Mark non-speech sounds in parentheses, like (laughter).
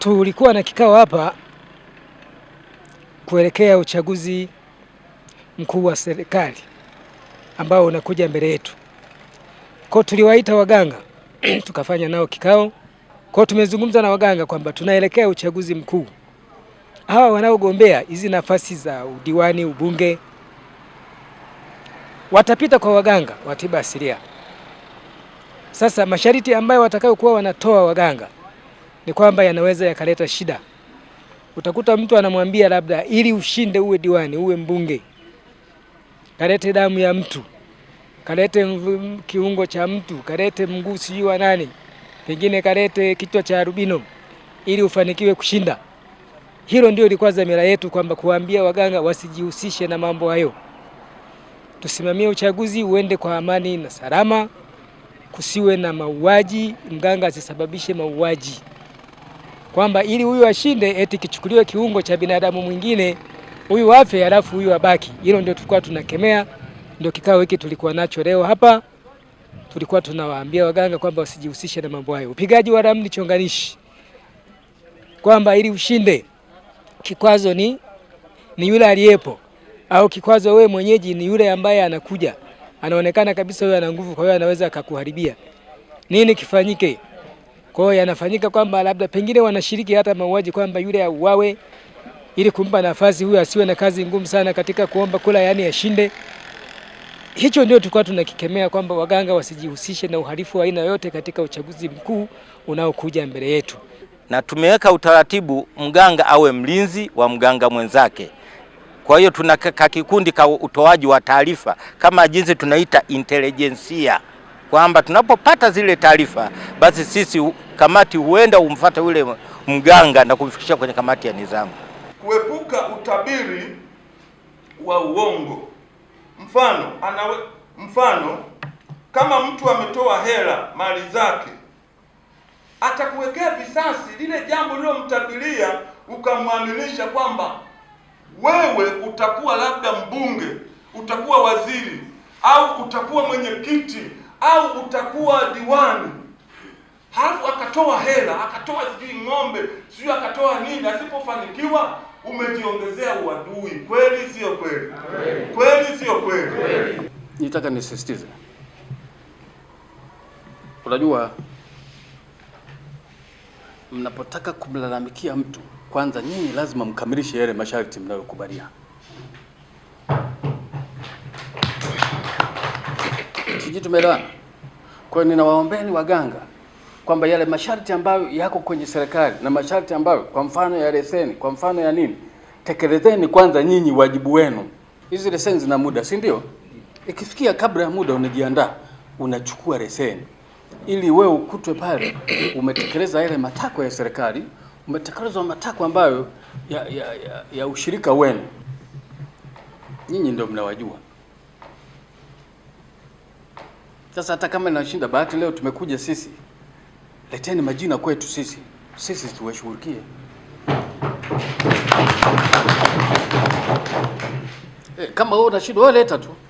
tulikuwa na kikao hapa kuelekea uchaguzi mkuu wa serikali ambao unakuja mbele yetu. Kwa tuliwaita waganga (clears throat) tukafanya nao kikao. Kwa tumezungumza na waganga kwamba tunaelekea uchaguzi mkuu, hawa wanaogombea hizi nafasi za udiwani, ubunge watapita kwa waganga wa tiba asilia. Sasa masharti ambayo watakayokuwa wanatoa waganga ni kwamba yanaweza yakaleta shida. Utakuta mtu anamwambia labda, ili ushinde uwe diwani uwe mbunge, kalete damu ya mtu, kalete kiungo cha mtu, kalete mguu sijui wa nani, pengine kalete kichwa cha albino ili ufanikiwe kushinda. Hilo ndio ilikuwa dhamira yetu, kwamba kuwaambia waganga wasijihusishe na mambo hayo. Tusimamie uchaguzi uende kwa amani na salama, kusiwe na mauaji, mganga asisababishe mauaji kwamba ili huyu ashinde eti kichukuliwe kiungo cha binadamu mwingine huyu afe halafu huyu abaki. Hilo ndio tulikuwa tunakemea, ndio kikao hiki tulikuwa nacho leo hapa. Tulikuwa tunawaambia waganga kwamba wasijihusishe na mambo hayo, upigaji wa ramli chonganishi, kwamba ili ushinde kikwazo ni, ni yule aliyepo au kikwazo we mwenyeji ni yule ambaye anakuja anaonekana kabisa huyo ana nguvu, kwa hiyo anaweza akakuharibia. Nini kifanyike? Kwa hiyo yanafanyika kwamba labda pengine wanashiriki hata mauaji kwamba yule auawe ili kumpa nafasi huyo asiwe na kazi ngumu sana katika kuomba kula, yani yashinde. Hicho ndio tulikuwa tunakikemea kwamba waganga wasijihusishe na uhalifu wa aina yote katika uchaguzi mkuu unaokuja mbele yetu, na tumeweka utaratibu mganga awe mlinzi wa mganga mwenzake. Kwa hiyo tuna kakikundi ka utoaji wa taarifa kama jinsi tunaita intelijensia kwamba tunapopata zile taarifa, basi sisi kamati huenda umfuate yule mganga na kumfikisha kwenye kamati ya nidhamu, kuepuka utabiri wa uongo. Mfano anawe, mfano kama mtu ametoa hela mali zake atakuwekea visasi lile jambo lilomtabiria, ukamwaminisha kwamba wewe utakuwa labda mbunge, utakuwa waziri au utakuwa mwenyekiti au utakuwa diwani. Halafu akatoa hela, akatoa sijui ng'ombe, sijui akatoa nini, asipofanikiwa umejiongezea uadui. Kweli sio kweli? Kweli sio kweli? Nitaka nisisitize, unajua mnapotaka kumlalamikia mtu, kwanza nyinyi lazima mkamilishe yale masharti mnayokubaliana sisi tumeelewana. Kwa hiyo ninawaombeni waganga kwamba yale masharti ambayo yako kwenye serikali na masharti ambayo kwa mfano ya leseni, kwa mfano ya nini, tekelezeni kwanza nyinyi wajibu wenu. Hizi leseni zina muda, si ndio? Ikifikia kabla ya muda, unajiandaa unachukua leseni, ili wewe ukutwe pale umetekeleza yale matakwa ya serikali, umetekeleza matakwa ambayo ya, ya, ya, ya ushirika wenu. Nyinyi ndio mnawajua. Sasa hata kama inashinda bahati, leo tumekuja sisi, leteni majina kwetu sisi, sisi tuwashughulikie. Eh, kama wewe unashinda wewe leta tu.